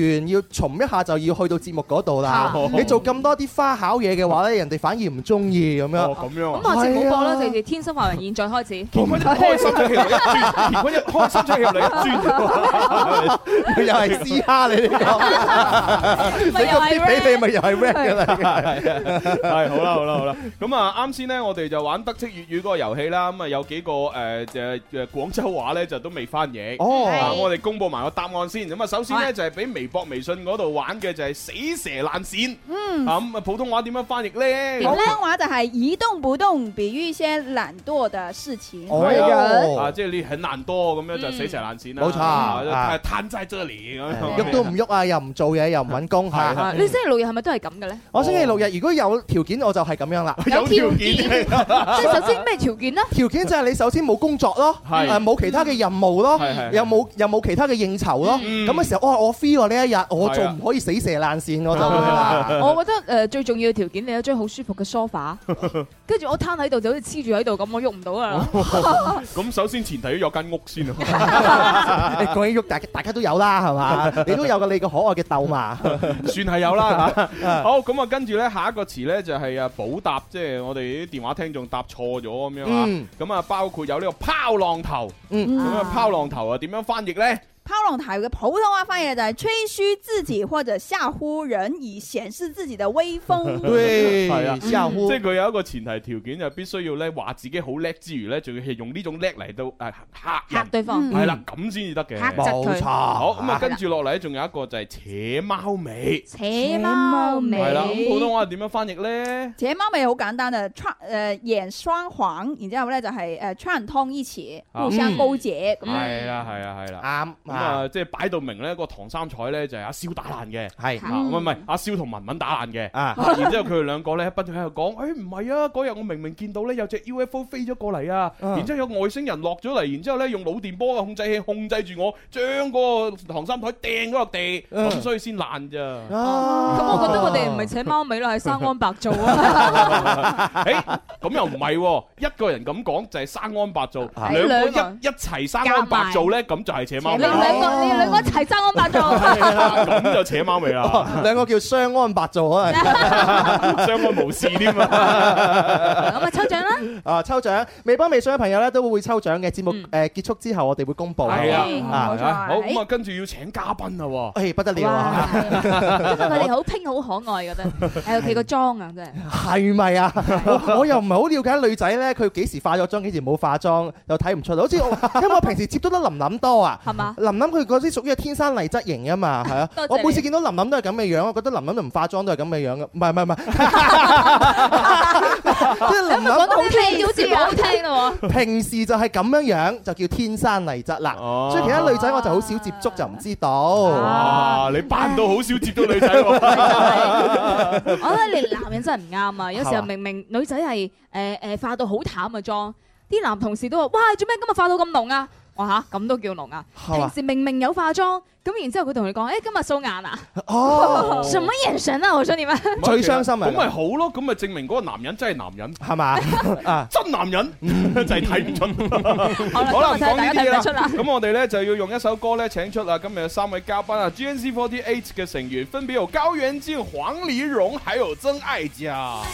S2: 完要重一下就要去到節目嗰度啦。你做咁多啲花巧嘢嘅話咧，人哋反而唔中意咁樣、哦。咁下次冇播啦，直
S1: 接天生快活人現在開始。我、啊、一、嗯、開心咗入嚟，
S2: 我 一開心咗入嚟，又係蝦 你哋。個。呢你咪又係 red 㗎啦。係啊係好啦好啦好啦。
S3: 咁啊啱先呢，我哋就玩德式粵語嗰個遊戲啦。咁啊有幾個誒誒誒廣州話咧就都未翻譯。哦。嗯、我哋公布埋個答案先。咁啊首先咧就係俾微，微博微信嗰度玩嘅就係死蛇爛鱔，嗯，咁、嗯、啊普通話點樣翻譯咧？普通
S1: 話就係一動不動，比喻一些懶惰的事情。哦哦、
S3: 啊、啊，即係你很懶惰咁樣就死蛇爛鱔啦。冇錯、啊，攤、啊、
S1: 在這裏，喐、啊啊、都唔
S2: 喐啊，又唔做嘢、啊，又唔搵工，係、啊啊啊啊。你星期
S1: 六日係咪都係咁嘅咧？
S2: 我星期六日如果有條件，我就係咁樣啦。有條
S1: 件，即 係首
S2: 先咩條件咧？條件就係你首先冇工作咯，冇、啊、其他嘅任務咯，嗯、又冇又
S1: 冇其他嘅應酬咯。咁、嗯、嘅、嗯、時候，哦、我我
S2: feel。呢一日我仲唔可以死蛇爛鱔？ 我覺得，
S1: 我覺得誒最重要嘅條件，你有張好舒服嘅 sofa，跟住我攤喺度就好似黐住喺度咁，我喐唔到啊！
S3: 咁 首先前提要有間屋先啊！
S2: 你講起喐，大大家都有啦，係嘛？你都有個你個可愛嘅竇嘛，
S3: 算係有啦嚇。好咁啊，跟住咧，下一個詞咧就係啊，補答，即係我哋啲電話聽眾答錯咗咁樣啊。咁啊、嗯，包括有呢個拋浪頭，咁啊拋浪頭啊，點樣翻譯咧？
S1: 拋浪頭，嘅普通話翻譯就係吹噓自己或者嚇唬人，以顯示自己的威風。對，係 啊，嚇唬。即係
S3: 佢有一個前提條件就必須要咧話自己好叻之餘咧，仲要係用呢種叻嚟到誒嚇吓對方，係啦，咁先至得嘅。嚇窒佢。好，咁啊跟住落嚟仲有一個就係扯貓尾。扯
S1: 貓尾係啦，咁普通話點樣翻譯咧？扯貓尾好簡單啊，雙誒雙簧，然之後咧就係誒串通一氣，互相勾結。係、啊、
S3: 啦，係、嗯、啦，係啦，啱。咁即係擺到明呢、個唐三彩呢，就係、啊、阿蕭打爛嘅，係唔係阿蕭同文文打爛嘅？然之後佢哋兩個呢、欸，不斷喺度講，誒唔係啊，嗰日我明明見到呢，有隻 UFO 飛咗過嚟啊，然之後有外星人落咗嚟，然之後咧用腦電波嘅控制器控制住我，將個唐三彩掟咗落地，咁所以先爛咋？咁我覺得
S1: 我哋唔係扯貓尾咯，係生安白做啊？
S3: 咁又唔係，一個人咁講就係生安白做，兩、啊、個一一齊生安白做呢，咁就係扯貓尾。
S1: 兩個，啊、你哋兩個一齊爭安、， 哦、安白座，
S2: 咁就扯貓尾啦。兩個叫相安白座啊，相安無事添啊。
S1: 咁啊，抽獎啦！
S2: 啊、哦！抽獎未幫微信嘅朋友咧都會抽獎嘅，節目誒結束之後我哋會公布。係、嗯、啊，冇
S3: 錯，好，咁啊，跟住要請嘉賓啦。哎，不得了啊！其
S1: 實佢哋好拼，好 可愛，覺得係佢個妝啊，真
S2: 係係咪啊？ 我又唔係好了解女仔咧，佢幾時化咗妝，幾時冇化妝，又睇唔出。好似我，因為我平時接觸得琳琳多啊，係嘛？琳琳佢嗰啲屬於係天生麗質型啊嘛，係咯。我每次見到琳琳都係咁嘅樣，樣，我覺得琳琳都唔化妝都係咁嘅樣噶，唔係唔係唔係，即係 淋淋笑好似唔好聽咯喎， 平時就係咁樣樣就叫天生麗質啦。所以、啊、其他女仔我就好少接觸，就唔知道。啊、哇你扮到好少接觸女
S1: 仔喎。我覺得你男人真係唔啱啊！有時候明明女仔係誒誒化到好淡嘅妝，啲男同事都話：哇，做咩今日化到咁濃啊？哇嚇，咁都叫濃啊！平時明明有化妝，咁然之後佢同你講，誒、欸、今日素顏啊！哦， 什麼眼神啊？我想點啊？最傷心啊！咁咪
S3: 好咯，咁咪證明嗰個男人真係男人，係嘛？啊， 真男人、嗯、 就係睇唔準。 好，好看看啦，講呢啲啦。咁我哋咧就要用一首歌咧請出啦，今日嘅三位嘉賓啊 ，GNZ48 嘅成員分別由高圓之黃黎蓉， 還有曾愛嘉。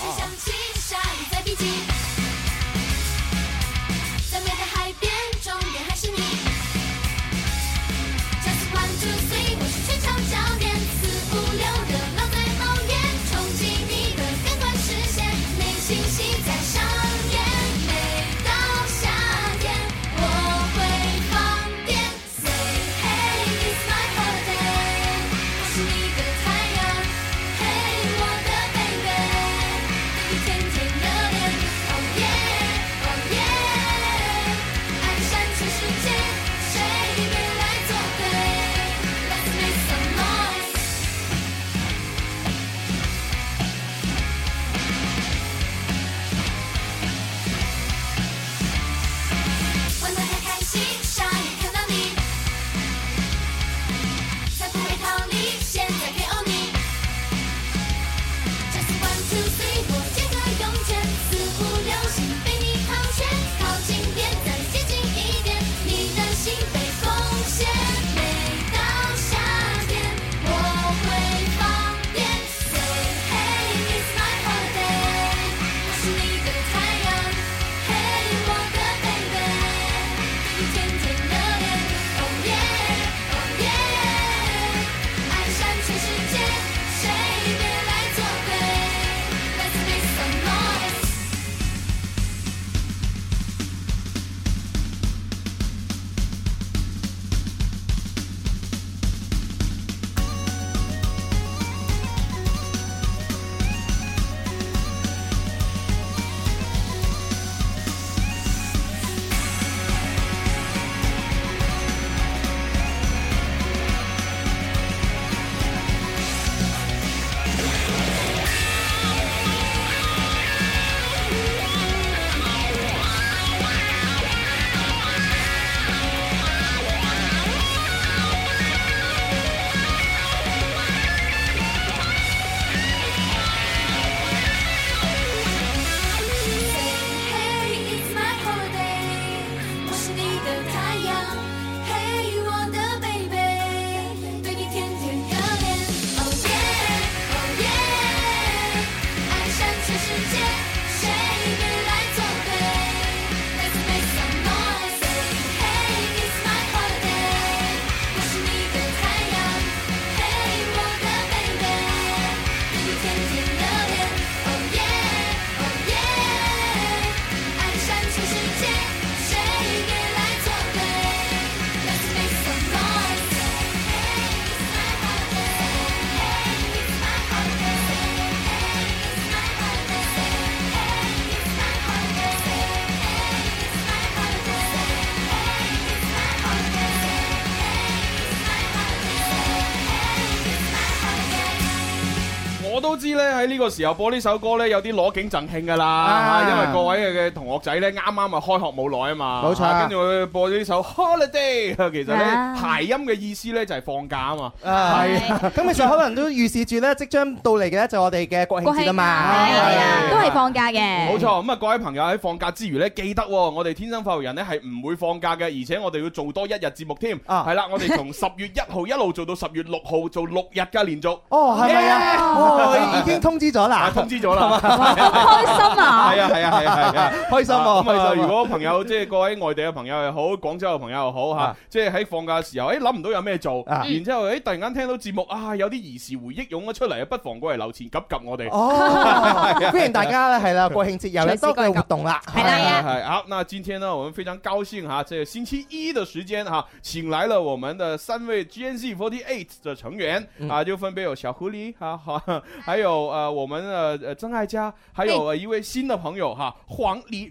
S3: 知咧喺呢個時候播呢首歌咧，有啲攞景贈慶噶啦吓，因為各位嘅。學仔咧啱啱啊開學冇耐啊嘛，冇錯。跟住我播呢首 holiday，其實呢啲諧音嘅意思咧就係放假是啊嘛、啊。係
S2: 咁、啊，其、嗯、實、啊嗯 嗯、可能都預示住咧，即將到嚟嘅就我哋嘅國慶節啊嘛，是啊是啊是啊都係放
S3: 假嘅。冇錯。咁啊，各位朋友喺放假之餘咧，記得我哋天生快活人咧係唔會放假嘅，而且我哋要做多一日節目添。係、啊、啦、啊，我哋從十月一號一路做到十月六號，做六日嘅連續。哦，係咪啊？Yeah, 哦啊啊，已
S2: 經通知咗啦、啊。通知咗啦。好開心啊！係啊，係啊，係啊，開。
S3: 咁 啊！就、呃、如果朋友即係、就是、各位外地嘅朋友又好，廣州嘅朋友又好吓、 啊，即係喺放假嘅時候，誒諗唔到有咩做，啊、然之後誒突然間聽到節目啊，有啲兒時回憶湧咗出嚟啊，不妨過嚟留前及及我哋。哦， 歡迎大家
S2: 咧，係啦，國、啊、慶、啊、節又嚟多類活動啦，係、嗯、啦，
S3: 係啊。嗱，啊、那今天呢，我們非常高興吓，即、啊、係、這個、星期一嘅時間吓、啊、請來了我們的三位 G N Z Forty Eight 嘅成員，啊，就分別有小狐狸，好好，還有啊，我們啊，曾愛嘉，還有一位新的朋友哈，黃黎。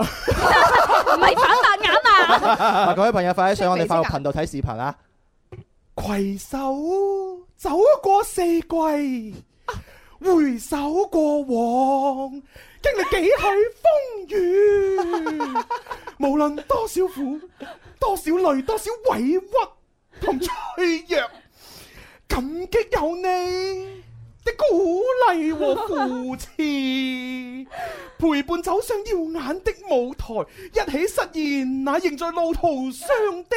S2: 唔係反白眼啊！嗱，各位朋友快啲上我哋快活頻道睇視頻啊！携手走過四季，回首過往，經歷幾許風
S3: 雨，無論多少苦、多少淚、多少委屈同脆弱，感激有你。鼓勵和扶持，陪伴走上耀
S2: 眼的舞台，一起實現那仍在路途上的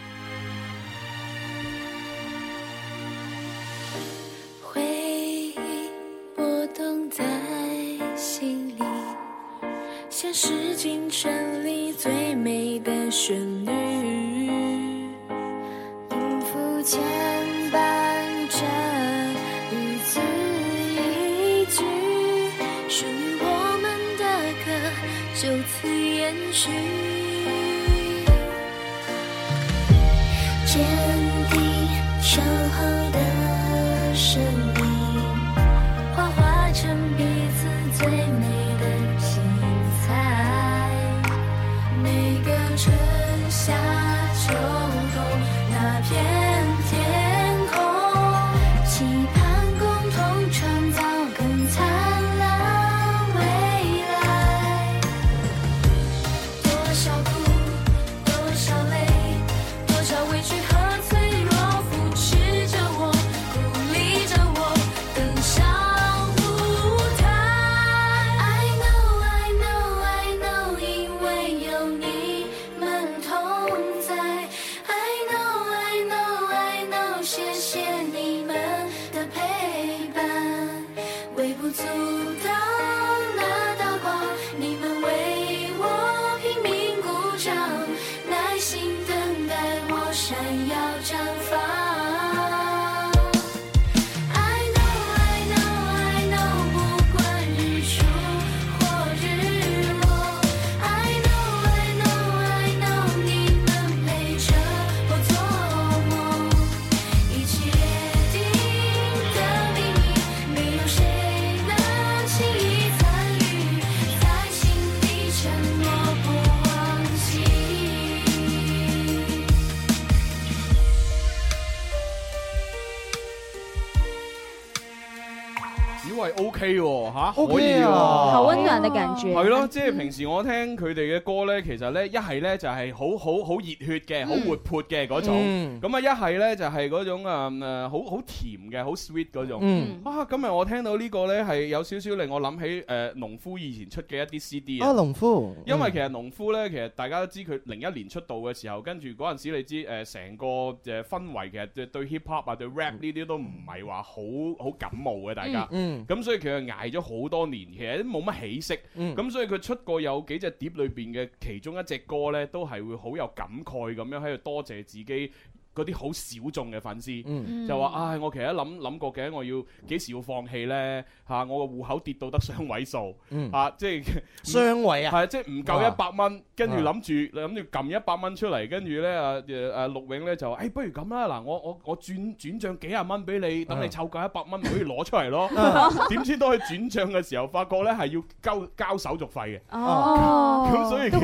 S3: 可以喎、啊，好溫暖嘅感覺，係、啊、咯，即係平時我聽佢哋嘅歌咧，其實咧一係咧就係好好好熱血嘅，好很的、嗯、好活潑嘅種，嗯、那是就是那種。咁啊一係咧就係種啊誒好好甜。嘅好 sweet 嗰種，哇、嗯啊！今日我聽到呢個呢，係有少少令我諗起誒、呃、農夫以前出嘅一啲 CD 啊、哦！農夫，因為其實農夫呢，其實大家都知佢零一年出道嘅時候，跟住嗰陣時你知誒成、呃、個誒氛圍其實對 hip hop 啊、對 rap 呢啲都唔係話好好感冒嘅，大家，咁、嗯嗯、所以佢係捱咗好多年，其實都冇乜起色，咁、嗯、所以佢出過有幾隻碟裏邊嘅其中一隻歌呢，都係會好有感慨咁樣喺度多謝自己。嗰啲好小眾嘅粉絲，嗯、就話：唉、哎，我其實諗諗過嘅，我要幾時要放棄呢？啊、我個戶口跌到得雙位數，嚇、嗯啊，即雙位啊！嗯、即係唔夠一百蚊，跟住諗住諗住撳一百蚊出嚟，跟住呢，啊誒、啊啊啊、陸永呢就誒、哎，不如咁啦！嗱，我我我轉轉帳幾廿蚊俾你，等你湊夠一百蚊可以攞出嚟咯。點、啊啊、知都佢轉帳嘅時候，發覺呢係要交交手續費嘅。哦、啊，咁、啊、所以其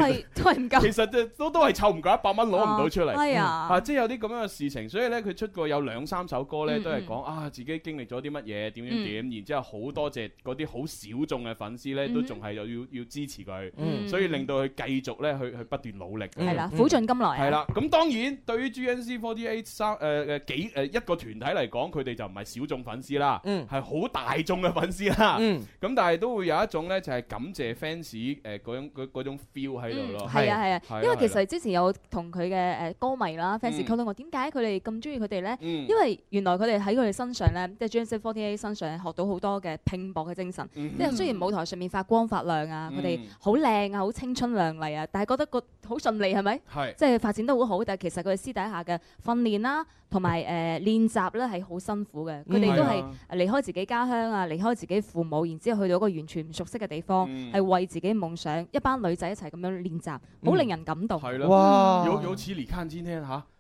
S3: 實都係都係湊唔夠一百蚊，攞唔到出嚟、啊哎。啊，即係有啲咁那個事情。所以咧，佢出過有兩三首歌咧，都係講啊自己經歷咗啲乜嘢，點點點，然之後好多謝啲好小眾嘅粉絲咧，都仲係又要要支持佢、嗯，所以令到佢繼續咧去去不斷努力。係、嗯、啦、嗯，苦盡甘來、啊是。係啦，咁當然對於 G N Z Forty Eight 三誒誒幾誒一個團體嚟講，佢哋就唔係小眾粉絲啦，係好大眾嘅粉絲啦。咁、嗯、但係都會有一種咧，就係感謝 fans 誒嗰種嗰嗰種 feel 喺度咯。係啊係啊，因為其實之前
S1: 有同佢嘅誒歌迷啦 fans 溝通我啲、嗯。點解佢哋咁中意佢哋咧？嗯、因為原來佢哋喺佢哋身上咧，即係 GNZ48 身上學到好多嘅拼搏嘅精神。即、嗯、係雖然舞台上面發光發亮啊，佢哋好靚啊，好青春靚麗啊，但係覺得個好順利係咪？是不是是即係發展得好好，但係其實佢哋私底下嘅訓練啦，同埋誒練習咧係好辛苦嘅。佢、嗯、哋都係離開自己家鄉啊，離開自己父母，然之後去到一個完全唔熟悉嘅地方，係、嗯、為自己夢想一班女仔一齊咁樣練習，好、嗯、令人感動。哇有！尤尤
S3: 其嚟緊今天吓。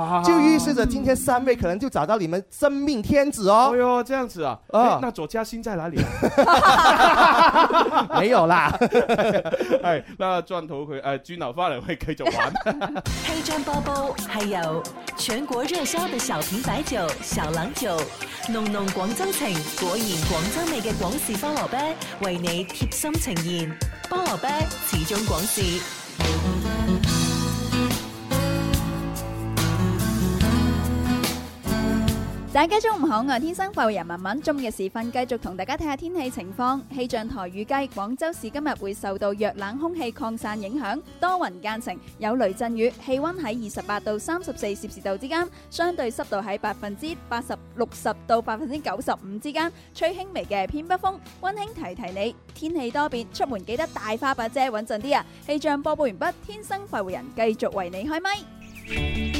S2: 啊、就預示着今天三位可能就找到你們真命天子哦！嗯、哎呦，這樣
S3: 子啊！啊，哎、那左嘉欣在哪裏、啊？
S2: 沒有啦，
S3: 係、 哎哎、那轉頭佢誒，轉頭翻嚟可繼續玩。
S1: 西 裝包包，係由全國熱銷嘅小瓶白酒小郎酒，濃濃廣州情，果然廣州味嘅廣式菠蘿啤，為你貼心呈現。菠蘿啤，始終廣式。 大家中午好，我係天生快活人文文，中午嘅時分繼續同大家睇下天氣情況。氣象台預計廣州市今日會受到弱冷空氣擴散影響，多雲間晴，有雷陣雨，氣溫喺二十八到三十四攝氏度之間，相對濕度喺百分之八十六十到百分之九十五之間，吹輕微嘅偏北風，溫馨提提你，天氣多變，出門記得帶花把遮，穩陣啲啊！氣象播報完畢，天生快活人繼續為你開麥。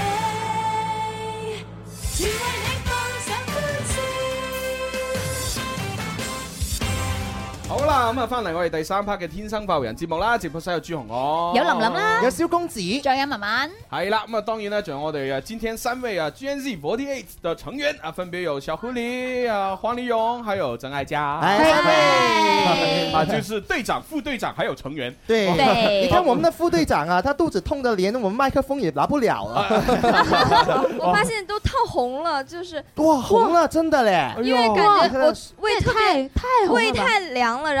S3: 咁 啊，翻嚟我哋第三 part 嘅天生快活人節目啦，接駁晒有朱紅哦，有琳琳啦，有、哦、小、啊、公
S1: 子，仲有文文，
S3: 係啦，咁啊，當然仲有我哋啊，今天三位啊，G N Z Forty Eight 的成員啊，分別有小狐狸啊，黃麗蓉，還有曾愛嘉，三位啊，就是隊長、副隊長，還有成員，對，
S2: 對 你看我們的副隊長啊，他肚子痛得連我們麥克風也拿不了啊， 我
S1: 發現都燙紅了，就是哇，紅
S2: 了，真的咧，因為感覺我
S1: 胃太太胃太涼了，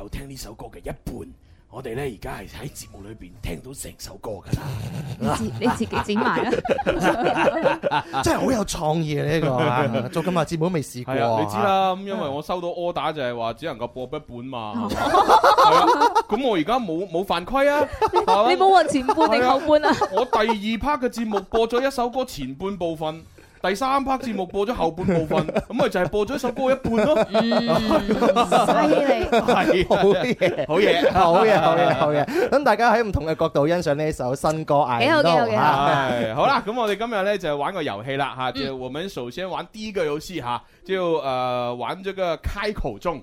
S3: 有聽呢首歌嘅一半，我哋咧而家係喺節目裏邊聽到成首歌噶啦。你自你自己整埋啦，
S2: 真係好有創意啊！呢、這個、 啊、 做今日節目都未試過、啊。你知啦，
S3: 咁、啊、因為我收到 order 就係話只能夠播一半嘛。咁我而家冇冇犯規啊？
S1: 規啊 你冇話前半定後半啊,
S3: 啊？我第二 part 嘅節目播咗一首歌前半部分。 第三 part 節目播咗後半部分，咁咪 就係播咗一首歌一半咯，啊。犀、e、利，
S4: 係好嘢， 好嘢，好嘢，好嘢，
S2: 咁大家喺唔同嘅角度欣賞呢一首新歌。幾好， 幾好嘅。
S3: 好啦，咁我哋今日咧就玩個遊戲啦，吓，就我們首先玩第一個遊戲吓，就、啊、誒玩咗個開口中。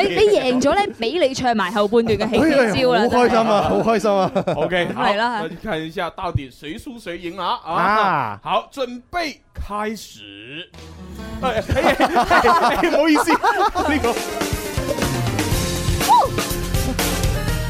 S1: 你你贏咗咧，俾 你唱埋後半段嘅起招啦， 好開心啊， 好開
S2: 心啊，OK，係啦，
S3: 看一下到底誰輸誰贏啊，啊，啊好，準備開始，哎，哎，哎，唔好意思，呢個。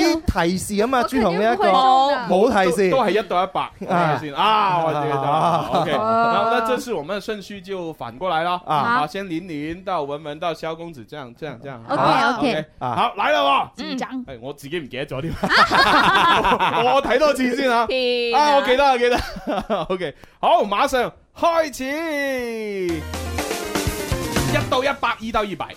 S3: 提示咁、
S2: okay. okay. uh, okay. uh, okay. uh, 啊，朱紅呢一
S3: 個冇提示，都係一
S2: 到一百。提示啊，我哋 OK。咁咧，今
S3: 次我們順序就反過嚟啦。啊、uh, uh,，uh, 先林林到文文到蕭公子這，這樣這樣這樣。OK uh, OK, okay.。Uh, okay. uh, 好，嚟了。隊長，誒、哎，我自己唔記得咗添。我睇多次先啊。
S6: 啊，我記得，
S3: 我記得。OK，好，馬上開始。一到一百，二到二百。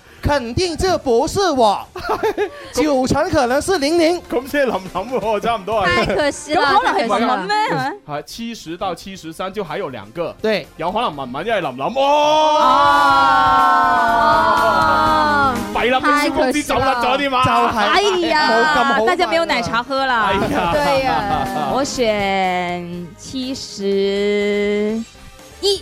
S2: 肯定這不是我， 九成可能是玲玲。咁即係林林哦，差唔多啊。太
S3: 可惜啦，有可能係文文咩？係七十到七十三就還有兩個，對，有可能文文因為林林哦，弊啦，公司走甩咗啲嘛，就係，哎
S1: 呀，大家沒有奶茶喝了，對呀，我選七十一。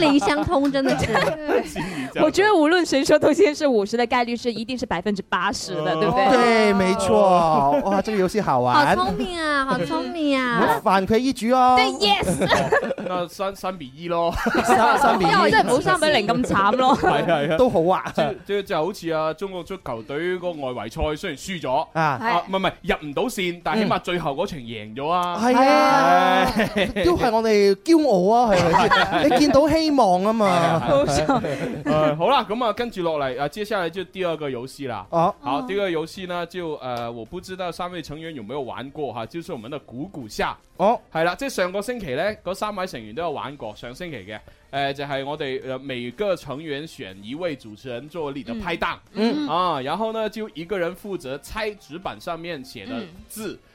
S1: 靈 相通，真的、嗯、 我覺得無論誰說頭先是五十的概率，是一定是百分之八十的，哦、對不對？對、哦哦，沒
S2: 錯。哦、哇，這個遊戲好玩。好聰
S1: 明
S3: 啊，好聰
S2: 明啊。犯回一局哦。對
S3: ，yes。三三比一咯三，三比一。真係冇三比零咁慘咯。係 啊，都好啊。即即係，就好似啊，中國足球隊個外圍賽雖然輸咗啊，唔係唔係入唔到線，但起碼最後嗰場贏咗啊、嗯、啊。係、
S2: 哎、啊，都係我哋驕傲啊，係 你見到希望啊嘛、 嗯，
S3: 好啦，咁、嗯、啊跟住落嚟啊，接下來就第二個遊戲啦。哦、啊，好，第二個遊戲呢就誒、呃，我不知道三位成員有冇有玩過、啊、就係、是、我哋嘅鼓鼓下」。沙。哦，係啦，即係上個星期呢，嗰三位成員都有玩過上星期嘅。誒、呃，就係、是、我哋每個成員選一位主持人做你的拍檔、嗯。嗯，啊，然後呢就一個人負責猜紙板上面寫的字。嗯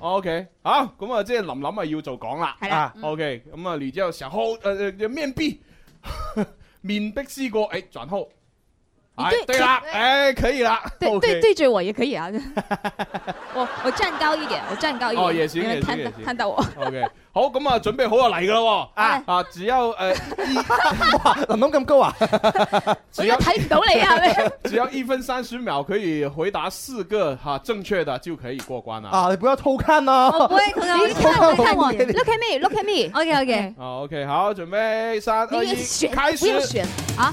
S3: O、okay, K，好，咁、嗯、啊，即係琳琳啊，要做講啦，係啊，O K，咁啊，然之後成日誒誒誒，面壁 面壁思過，誒，轉好。
S1: 對、哎、對啦，哎，可以啦。對、okay、對對，對着我也可以啊。 我我站高一點，我站高一點。哦，也行，看到
S3: 我。OK，好，咁啊，準備好就嚟噶咯。啊、哦哎、啊，只要誒，
S2: 林董咁高啊？
S3: 只要睇唔到你啊？ 只要一分三十秒可以回答四個哈、啊、正確的就可以過關啦。啊，
S2: 你不要偷看啦、啊。
S3: 不會偷、啊， 你看，偷看，我看
S1: 我，看我。Look at me, look at me。OK OK 。
S3: 好。OK，好，準備三 二一，開始。看我。選
S1: 啊。